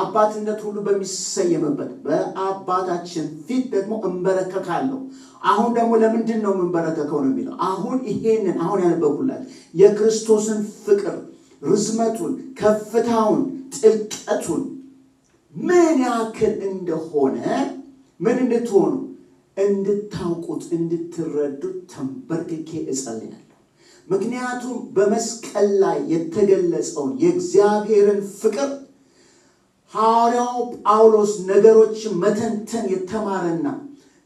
አባትነት ሁሉ በሚሰየምበት በአባታችን ፊት ደግሞ እንበረከካለሁ። አሁን ደግሞ ለምንድን ነው የምንበረከከው ነው የሚለው። አሁን ይሄንን አሁን ያነበብኩላት የክርስቶስን ፍቅር ርዝመቱን፣ ከፍታውን፣ ጥልቀቱን ምን ያክል እንደሆነ ምን እንድትሆኑ እንድታውቁት እንድትረዱት ተንበርክኬ እጸልያለሁ። ምክንያቱም በመስቀል ላይ የተገለጸውን የእግዚአብሔርን ፍቅር ሐዋርያው ጳውሎስ ነገሮችን መተንተን የተማረና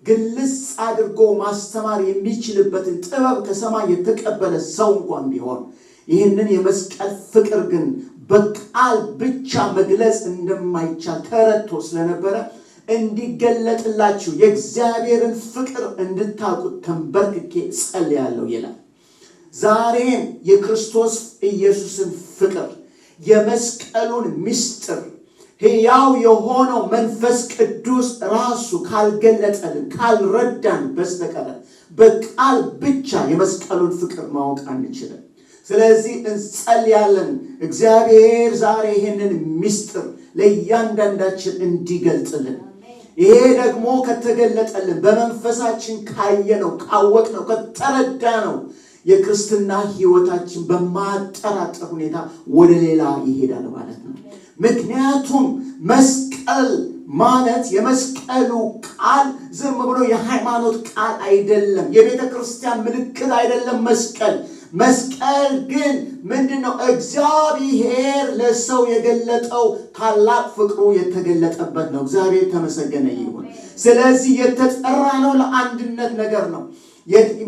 ግልጽ አድርጎ ማስተማር የሚችልበትን ጥበብ ከሰማይ የተቀበለ ሰው እንኳን ቢሆን ይህንን የመስቀል ፍቅር ግን በቃል ብቻ መግለጽ እንደማይቻል ተረድቶ ስለነበረ እንዲገለጥላችሁ የእግዚአብሔርን ፍቅር እንድታውቁት ተንበርክኬ ጸልያለሁ ይላል። ዛሬም የክርስቶስ ኢየሱስን ፍቅር የመስቀሉን ምስጢር ሕያው የሆነው መንፈስ ቅዱስ ራሱ ካልገለጠልን ካልረዳን በስተቀረ በቃል ብቻ የመስቀሉን ፍቅር ማወቅ አንችልም። ስለዚህ እንጸልያለን፣ እግዚአብሔር ዛሬ ይህንን ምስጢር ለእያንዳንዳችን እንዲገልጥልን። ይሄ ደግሞ ከተገለጠልን በመንፈሳችን ካየነው ካወቅነው ከተረዳነው የክርስትና ሕይወታችን በማጠራጠር ሁኔታ ወደ ሌላ ይሄዳል ማለት ነው። ምክንያቱም መስቀል ማለት የመስቀሉ ቃል ዝም ብሎ የሃይማኖት ቃል አይደለም፣ የቤተ ክርስቲያን ምልክት አይደለም። መስቀል መስቀል ግን ምንድን ነው? እግዚአብሔር ለሰው የገለጠው ታላቅ ፍቅሩ የተገለጠበት ነው። እግዚአብሔር ተመሰገነ ይሁን። ስለዚህ የተጠራ ነው ለአንድነት ነገር ነው።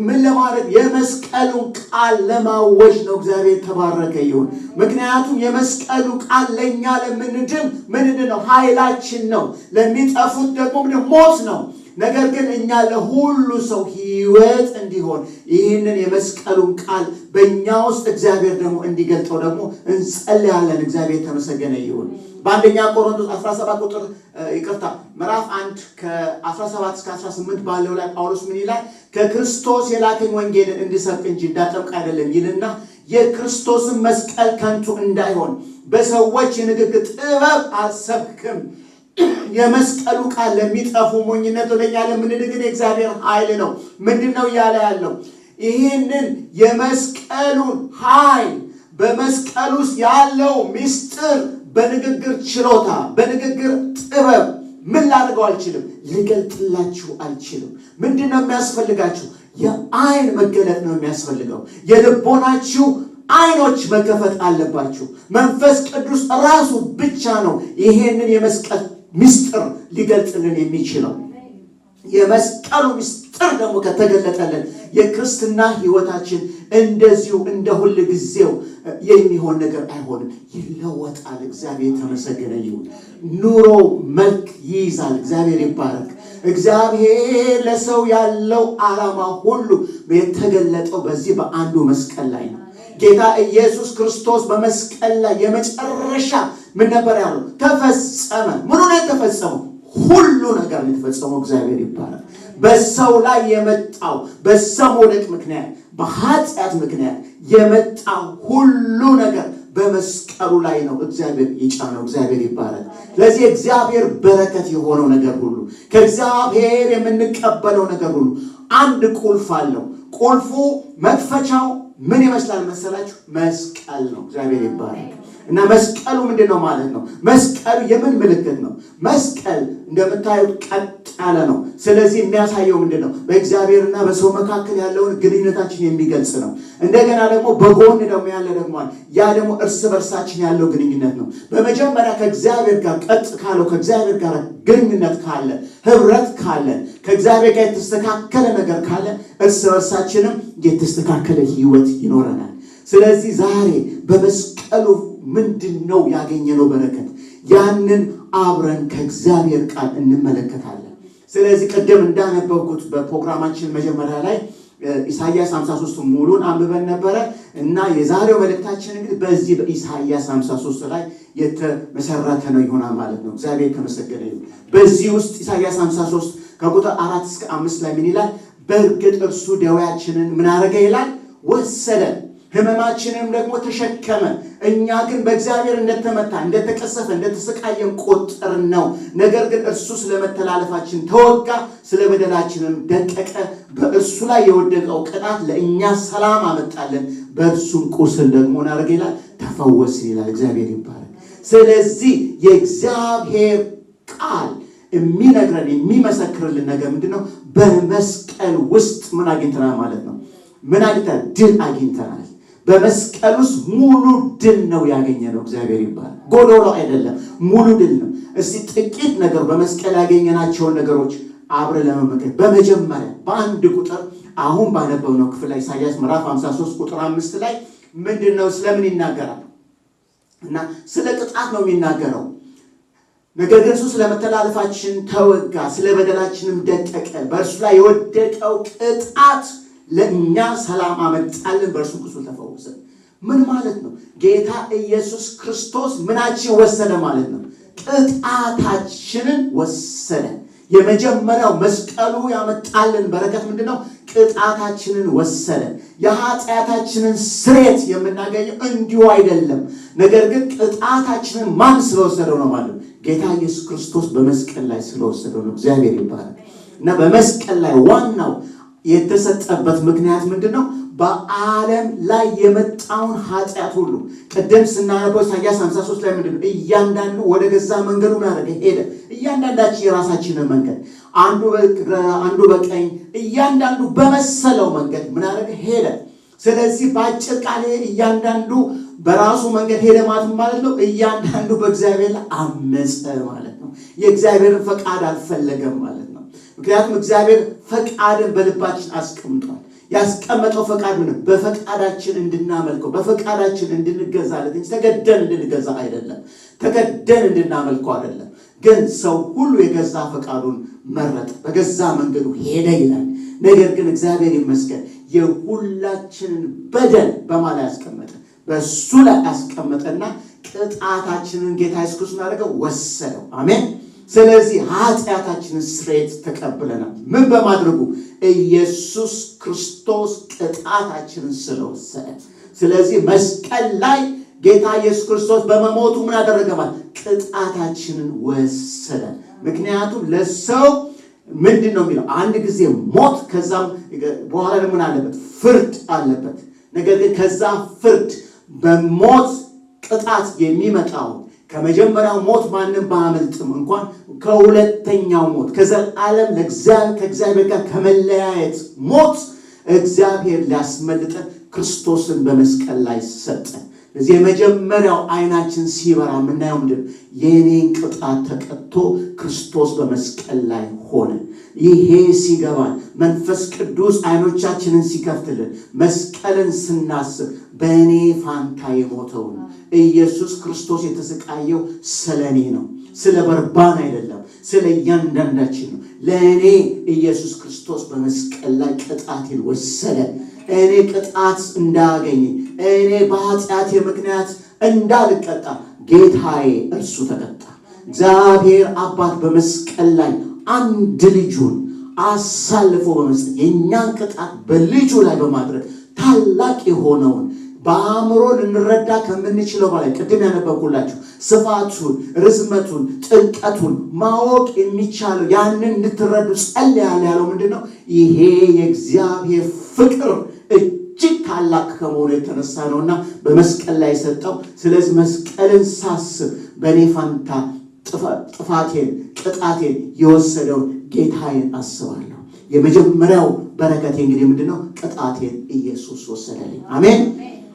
ምን ለማድረግ የመስቀሉን ቃል ለማወጅ ነው። እግዚአብሔር ተባረከ ይሁን። ምክንያቱም የመስቀሉ ቃል ለእኛ ለምንድን ምንድን ነው? ኃይላችን ነው። ለሚጠፉት ደግሞ ሞት ነው። ነገር ግን እኛ ለሁሉ ሰው ህይወት እንዲሆን ይህንን የመስቀሉን ቃል በእኛ ውስጥ እግዚአብሔር ደግሞ እንዲገልጠው ደግሞ እንጸልያለን። እግዚአብሔር ተመሰገነ ይሁን። በአንደኛ ቆሮንቶስ 17 ቁጥር ይቅርታ ምዕራፍ 1 ከ17 እስከ 18 ባለው ላይ ጳውሎስ ምን ይላል? ከክርስቶስ የላከኝ ወንጌልን እንድሰብክ እንጂ እንዳጠምቅ አይደለም ይልና የክርስቶስን መስቀል ከንቱ እንዳይሆን በሰዎች የንግግር ጥበብ አልሰብክም የመስቀሉ ቃል ለሚጠፉ ሞኝነት ወደኛ እኛ ለምንድን የእግዚአብሔር ኃይል ነው። ምንድን ነው እያለ ያለው? ይህንን የመስቀሉን ኃይል በመስቀል ውስጥ ያለው ምስጢር በንግግር ችሎታ፣ በንግግር ጥበብ ምን ላድርገው አልችልም፣ ልገልጥላችሁ አልችልም። ምንድን ነው የሚያስፈልጋችሁ? የአይን መገለጥ ነው የሚያስፈልገው። የልቦናችሁ አይኖች መከፈት አለባችሁ። መንፈስ ቅዱስ ራሱ ብቻ ነው ይሄንን የመስቀል ምስጢር ሊገልጽልን የሚችለው የመስቀሉ ምስጢር ደግሞ ከተገለጠልን የክርስትና ህይወታችን እንደዚሁ እንደ ሁል ጊዜው የሚሆን ነገር አይሆንም፣ ይለወጣል። እግዚአብሔር የተመሰገነ ይሁን። ኑሮ መልክ ይይዛል። እግዚአብሔር ይባረክ። እግዚአብሔር ለሰው ያለው ዓላማ ሁሉ የተገለጠው በዚህ በአንዱ መስቀል ላይ ነው። ጌታ ኢየሱስ ክርስቶስ በመስቀል ላይ የመጨረሻ ምን ነበር ያሉ? ተፈጸመ። ምኑ ነው የተፈጸመው? ሁሉ ነገር የተፈጸመው እግዚአብሔር ይባላል። በሰው ላይ የመጣው በሰው መውደቅ ምክንያት በኃጢአት ምክንያት የመጣ ሁሉ ነገር በመስቀሉ ላይ ነው እግዚአብሔር የጫነው። እግዚአብሔር ይባላል። ስለዚህ እግዚአብሔር በረከት የሆነው ነገር ሁሉ ከእግዚአብሔር የምንቀበለው ነገር ሁሉ አንድ ቁልፍ አለው። ቁልፉ መክፈቻው ምን ይመስላል መሰላችሁ? መስቀል ነው። እግዚአብሔር ይባረክ እና መስቀሉ ምንድን ነው ማለት ነው? መስቀሉ የምን ምልክት ነው? መስቀል እንደምታዩት ቀጥ ያለ ነው። ስለዚህ የሚያሳየው ምንድን ነው? በእግዚአብሔርና በሰው መካከል ያለውን ግንኙነታችን የሚገልጽ ነው። እንደገና ደግሞ በጎን ደግሞ ያለ ደግሞ ያ ደግሞ እርስ በርሳችን ያለው ግንኙነት ነው። በመጀመሪያ ከእግዚአብሔር ጋር ቀጥ ካለው ከእግዚአብሔር ጋር ግንኙነት ካለ ህብረት ካለን ከእግዚአብሔር ጋር የተስተካከለ ነገር ካለ እርስ በርሳችንም የተስተካከለ ህይወት ይኖረናል። ስለዚህ ዛሬ በመስቀሉ ምንድን ነው ያገኘነው በረከት? ያንን አብረን ከእግዚአብሔር ቃል እንመለከታለን። ስለዚህ ቅድም እንዳነበብኩት በፕሮግራማችን መጀመሪያ ላይ ኢሳያስ 53 ሙሉን አንብበን ነበረ እና የዛሬው መልእክታችን እንግዲህ በዚህ በኢሳያስ 53 ላይ የተመሰረተ ነው ይሆናል ማለት ነው። እግዚአብሔር ከመሰገነ በዚህ ውስጥ ኢሳያስ 53 ከቁጥር አራት እስከ አምስት ላይ ምን ይላል? በእርግጥ እርሱ ደዌያችንን ምን ይላል? ወሰደ ህመማችንም ደግሞ ተሸከመ። እኛ ግን በእግዚአብሔር እንደተመታ እንደተቀሰፈ፣ እንደተሰቃየን ቆጠር ነው። ነገር ግን እርሱ ስለመተላለፋችን ተወጋ፣ ስለ በደላችንም ደቀቀ። በእርሱ ላይ የወደቀው ቅጣት ለእኛ ሰላም አመጣለን፣ በእርሱም ቁስል ደግሞ ናደርገ ይላል ተፈወስ ይላል። እግዚአብሔር ይባላል። ስለዚህ የእግዚአብሔር ቃል የሚነግረን የሚመሰክርልን ነገር ምንድነው በመስቀል ውስጥ ምን አግኝተናል ማለት ነው። ምን አግኝተናል? ድል አግኝተናል። በመስቀል ውስጥ ሙሉ ድል ነው ያገኘነው። እግዚአብሔር ይባላል። ጎዶሎ አይደለም፣ ሙሉ ድል ነው። እስቲ ጥቂት ነገር በመስቀል ያገኘናቸውን ነገሮች አብረ ለመመልከት በመጀመሪያ በአንድ ቁጥር አሁን ባነበብነው ክፍል ላይ ኢሳያስ ምዕራፍ 53 ቁጥር አምስት ላይ ምንድን ነው ስለምን ይናገራል? እና ስለ ቅጣት ነው የሚናገረው ነገር ግን እሱ ስለ መተላለፋችን ተወጋ፣ ስለ በደላችንም ደቀቀ። በእርሱ ላይ የወደቀው ቅጣት ለእኛ ሰላም አመጣልን፣ በእርሱ ቁስል ተፈወሰን። ምን ማለት ነው? ጌታ ኢየሱስ ክርስቶስ ምናችን ወሰደ ማለት ነው? ቅጣታችንን ወሰደ። የመጀመሪያው መስቀሉ ያመጣልን በረከት ምንድን ነው? ቅጣታችንን ወሰደ። የኃጢአታችንን ስሬት የምናገኘው እንዲሁ አይደለም፣ ነገር ግን ቅጣታችንን ማን ስለወሰደው ነው ማለት ጌታ ኢየሱስ ክርስቶስ በመስቀል ላይ ስለወሰደው ነው። እግዚአብሔር ይባላል እና በመስቀል ላይ ዋናው የተሰጠበት ምክንያት ምንድን ነው? በዓለም ላይ የመጣውን ኃጢአት ሁሉ ቅድም ስናነበው ኢሳያስ 53 ላይ ምንድነው? እያንዳንዱ ወደ ገዛ መንገዱ ምን አደረገ ሄደ። እያንዳንዳችን የራሳችንን መንገድ አንዱ አንዱ በቀኝ እያንዳንዱ በመሰለው መንገድ ምን አደረገ ሄደ። ስለዚህ በአጭር ቃል እያንዳንዱ በራሱ መንገድ ሄደ ማለት ነው። እያንዳንዱ በእግዚአብሔር አመፀ ማለት ነው። የእግዚአብሔርን ፈቃድ አልፈለገም ማለት ነው። ምክንያቱም እግዚአብሔር ፈቃድን በልባችን አስቀምጧል። ያስቀመጠው ፈቃድ ምን? በፈቃዳችን እንድናመልከው በፈቃዳችን እንድንገዛለት እንጂ ተገደን እንድንገዛ አይደለም። ተገደን እንድናመልከው አይደለም። ግን ሰው ሁሉ የገዛ ፈቃዱን መረጠ፣ በገዛ መንገዱ ሄደ ይላል። ነገር ግን እግዚአብሔር ይመስገን የሁላችንን በደል በማ ላይ ያስቀመጠ? በእሱ ላይ ያስቀመጠና ቅጣታችንን ጌታ ኢየሱስ ክርስቶስ አደረገ፣ ወሰደው። አሜን ስለዚህ ኃጢአታችንን ስርየት ተቀብለናል። ምን በማድረጉ ኢየሱስ ክርስቶስ ቅጣታችንን ስለወሰደ። ስለዚህ መስቀል ላይ ጌታ ኢየሱስ ክርስቶስ በመሞቱ ምን አደረገባል? ቅጣታችንን ወሰደ። ምክንያቱም ለሰው ምንድን ነው የሚለው አንድ ጊዜ ሞት፣ ከዛም በኋላ ምን አለበት? ፍርድ አለበት። ነገር ግን ከዛ ፍርድ በሞት ቅጣት የሚመጣው ከመጀመሪያው ሞት ማንም ባያመልጥም እንኳን ከሁለተኛው ሞት ከዘላለም ከእግዚአብሔር ጋር ከመለያየት ሞት እግዚአብሔር ሊያስመልጠን ክርስቶስን በመስቀል ላይ ሰጠን። እዚህ የመጀመሪያው አይናችን ሲበራ የምናየው ምንድን የእኔን ቅጣት ተቀጥቶ ክርስቶስ በመስቀል ላይ ሆነ። ይሄ ሲገባን መንፈስ ቅዱስ አይኖቻችንን ሲከፍትልን መስቀልን ስናስብ በእኔ ፋንታ የሞተውን ኢየሱስ ክርስቶስ የተሰቃየው ስለኔ ነው ስለ በርባን አይደለም፣ ስለ እያንዳንዳችን ነው። ለእኔ ኢየሱስ ክርስቶስ በመስቀል ላይ ቅጣቴን ወሰደ። እኔ ቅጣት እንዳያገኝ፣ እኔ በኃጢአቴ ምክንያት እንዳልቀጣ ጌታዬ እርሱ ተቀጣ። እግዚአብሔር አባት በመስቀል ላይ አንድ ልጁን አሳልፎ በመስጠት የእኛን ቅጣት በልጁ ላይ በማድረግ ታላቅ የሆነውን በአእምሮ ልንረዳ ከምንችለው በላይ ቅድም ያነበብኩላችሁ ስፋቱን፣ ርዝመቱን፣ ጥልቀቱን ማወቅ የሚቻለው ያንን እንድትረዱ ጸል ያለ ያለው ምንድን ነው? ይሄ የእግዚአብሔር ፍቅር እጅግ ታላቅ ከመሆኑ የተነሳ ነውና በመስቀል ላይ ሰጠው። ስለዚህ መስቀልን ሳስብ በእኔ ፋንታ ጥፋቴን፣ ቅጣቴን የወሰደውን ጌታዬን አስባለሁ። የመጀመሪያው በረከቴ እንግዲህ ምንድን ነው? ቅጣቴን ኢየሱስ ወሰደልኝ። አሜን።